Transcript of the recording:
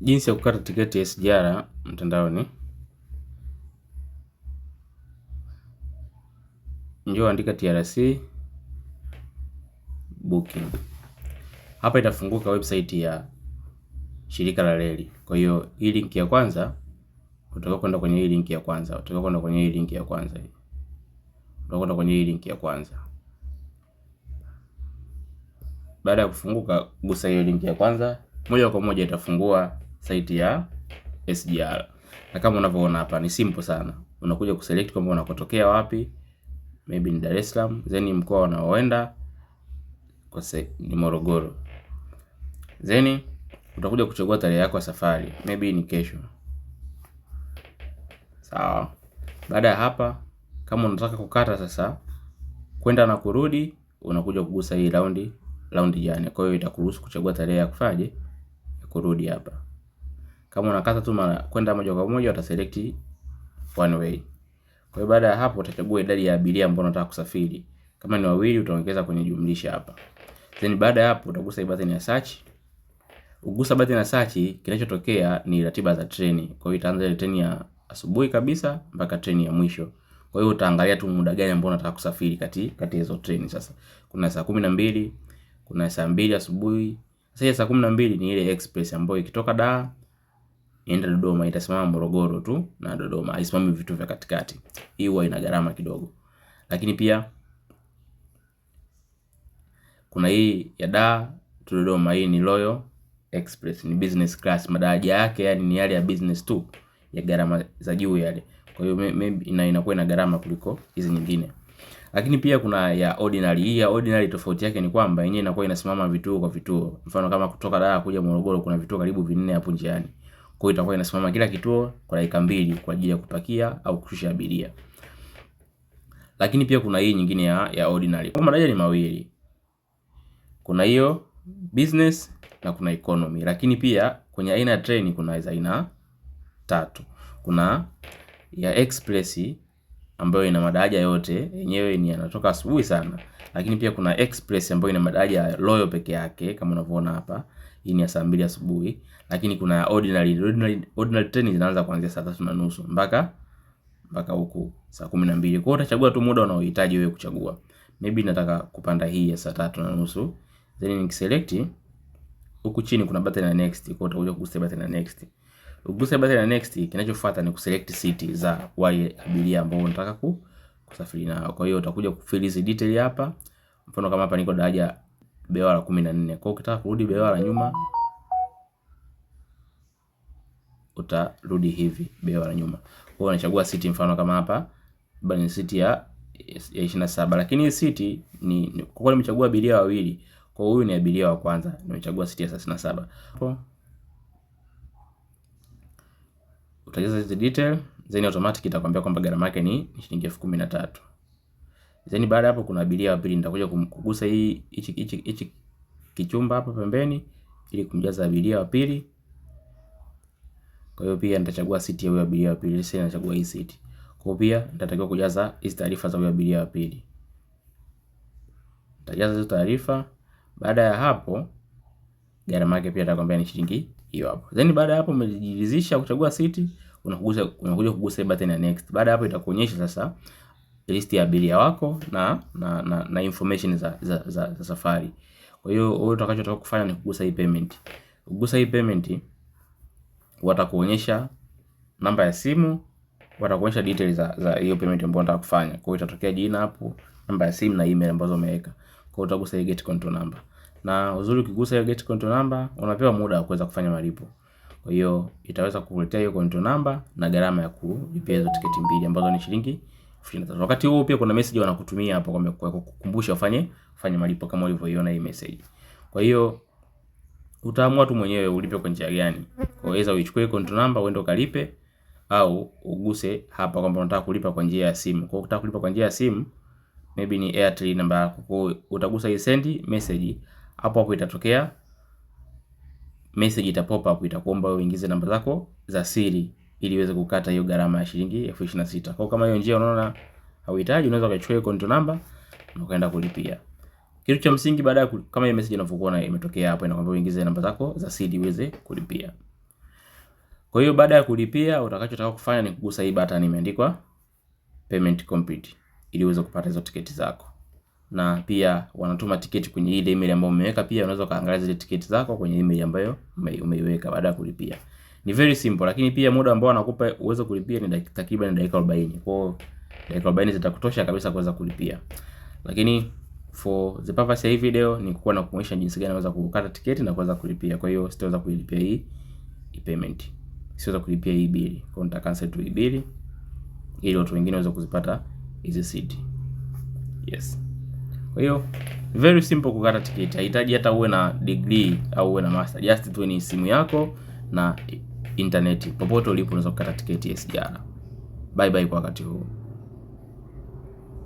Jinsi ya kukata tiketi ya SGR mtandaoni. Njoo andika TRC booking. Hapa itafunguka website ya shirika la reli. Kwa hiyo hii link ya kwanza utakuwa kwenda kwenye hii link ya kwanza, utakuwa kwenda kwenye hii link ya kwanza. Utakuwa kwenda kwenye hii link ya kwanza. Baada ya kufunguka, gusa hiyo link ya kwanza, moja kwa moja itafungua site ya SGR. Na kama unavyoona hapa ni simple sana. Unakuja kuselect kwamba unakotokea wapi, maybe ni Dar es Salaam, then mkoa unaoenda kwa se, ni Morogoro. Then utakuja kuchagua tarehe yako ya safari, maybe ni kesho. Sawa. Baada ya hapa kama unataka kukata sasa kwenda na kurudi, unakuja kugusa hii raundi raundi jana. Kwa hiyo itakuruhusu kuchagua tarehe ya kufaje kurudi hapa. Kama unakata tu mara kwenda moja kwa moja utaselect one way. Kwa hiyo baada ya hapo utachagua idadi ya abiria ambao unataka kusafiri. Kama ni wawili utaongeza kwenye jumlisha hapa. Then baada ya hapo utagusa hii button ya search. Ugusa button ya search, kinachotokea ni ratiba za treni. Kwa hiyo itaanza ile treni ya asubuhi kabisa mpaka treni ya mwisho. Kwa hiyo utaangalia tu muda gani ambao unataka kusafiri kati kati hizo treni sasa. Kuna saa 12, kuna saa mbili asubuhi. Sasa saa 12 ni ile express ambayo ikitoka Dar iende yaani Dodoma itasimama Morogoro tu na Dodoma, haisimami vitu vya katikati. Hii huwa ina gharama kidogo, lakini pia kuna hii ya Dar tu Dodoma. Hii ni Royal Express, ni business class. Madaraja yake yani ni yale ya business tu, ya gharama za juu yale. Kwa hiyo maybe ina inakuwa ina gharama kuliko hizi nyingine. Lakini pia kuna ya ordinary. Hii ya ordinary tofauti yake ni kwamba yenyewe inakuwa inasimama vituo kwa vituo. Mfano kama kutoka Dar kuja Morogoro kuna vituo karibu vinne hapo njiani. Kwa hiyo itakuwa inasimama kila kituo kwa dakika mbili kwa ajili ya kupakia au kushusha abiria. Lakini pia kuna hii nyingine ya, ya ordinary. Kwa madaraja ni mawili. Kuna hiyo business na kuna economy. Lakini pia kwenye aina ya treni kuna za aina tatu. Kuna ya express ambayo ina madaraja yote, yenyewe ni yanatoka asubuhi sana. Lakini pia kuna express ambayo ina madaraja Loyo peke yake kama unavyoona hapa hii ni ya saa mbili asubuhi, lakini kuna ordinary. Ordinary, ordinary train zinaanza kuanzia saa tatu na nusu mpaka mpaka huku saa kumi na mbili. Kwa hiyo utachagua tu muda unaohitaji wewe kuchagua. Maybe nataka kupanda hii ya saa tatu na nusu, then nikiselect huku chini kuna button ya next. Kwa hiyo utakuja kugusa button ya next. Ukigusa button ya next, kinachofuata ni kuselect city za wale abiria ambao unataka kusafiri nao. Kwa hiyo utakuja kufill hizi detail hapa, mfano kama hapa niko daraja bewa la kumi na nne. Kwa hiyo ukitaka kurudi bewa la nyuma utarudi hivi bewa la nyuma. Kwa hiyo unachagua siti, mfano kama hapa labda ni siti ya ya ishirini na saba, lakini hii siti ni, ni kwa kweli nimechagua abiria wawili, kwa hiyo huyu ni abiria wa kwanza, nimechagua siti ya thelathini na saba. Utajaza hizi detail then automatic itakwambia kwamba gharama yake ni shilingi elfu kumi na tatu. Then baada hapo kuna abiria wa pili, nitakuja kumkugusa hii hichi hichi hichi kichumba hapa pembeni ili kumjaza abiria wa pili. Kwa hiyo pia nitachagua siti ya huyo abiria wa pili. Sasa nachagua hii siti. Kwa hiyo pia nitatakiwa kujaza hizi taarifa za huyo abiria wa pili. Nitajaza hizo taarifa. Baada ya hapo gharama yake pia atakwambia ni shilingi hiyo hapo. Then baada ya hapo umejiridhisha kuchagua siti, unakuja unakuja kugusa button ya next. Baada ya hapo itakuonyesha sasa list ya abiria wako na, na, na, na information za, za, za, za safari. Kwa hiyo wewe utakachotaka kufanya ni kugusa hii payment. Ugusa hii payment, watakuonyesha namba ya simu, watakuonyesha details za, za hiyo payment ambayo unataka kufanya. Kwa hiyo itatokea jina hapo, namba ya simu na email ambazo umeweka. Kwa hiyo utagusa hii get control number. Na uzuri ukigusa hiyo get control number, unapewa muda wa kuweza kufanya malipo. Kwa hiyo itaweza kukuletea hiyo control number na gharama ya kulipia hizo tiketi mbili ambazo ni shilingi 23. Wakati huo pia kuna message wanakutumia hapo kwa kukukumbusha ufanye fanye malipo kama ulivyoiona hii message. Kwa hiyo utaamua tu mwenyewe ulipe kwa njia gani. Kwa Waweza uichukue konti namba uende ukalipe au uguse hapa kwamba unataka kulipa kwa njia ya simu. Kwa ukitaka kulipa kwa njia ya simu maybe ni Airtel namba yako. Kwa hiyo utagusa hii send message, hapo hapo itatokea message ita pop up, itakuomba uingize namba zako za siri ili iweze kukata hiyo gharama ya shilingi elfu ishirini na sita. Kwa kama hiyo njia unaona hauhitaji, unaweza ukachukua hiyo konto number na ukaenda kulipia. Kitu cha msingi baada ya kama hiyo message inavyokuwa na imetokea hapo, inakwambia uingize namba zako za siri uweze kulipia. Kwa hiyo baada ya kulipia, utakachotaka kufanya ni kugusa hii button imeandikwa payment complete ili uweze kupata hizo tiketi zako. Na pia wanatuma tiketi kwenye ile email ambayo umeweka. Pia unaweza kaangalia zile tiketi zako kwenye email ambayo umeiweka baada ya kulipia. Ni very simple, lakini pia muda ambao anakupa uwezo kulipia ni takriban dakika 40. Kwa hiyo dakika 40 zitakutosha kabisa kuweza kulipia. Lakini for the purpose ya hii video ni kuwa na kuonyesha jinsi gani unaweza kukata tiketi na kuweza kulipia. Kwa hiyo sitaweza kulipia hii payment. Siweza kulipia hii bili. Kwa hiyo nitakansel tu hii bili ili watu wengine waweze kuzipata hizi seat. Yes. Kwa hiyo very simple kukata tiketi. Haihitaji hata uwe na degree au uwe na master. Just tu ni simu yako na intaneti. Popote ulipo unaweza kukata tiketi ya SGR. Bye bye kwa wakati huu.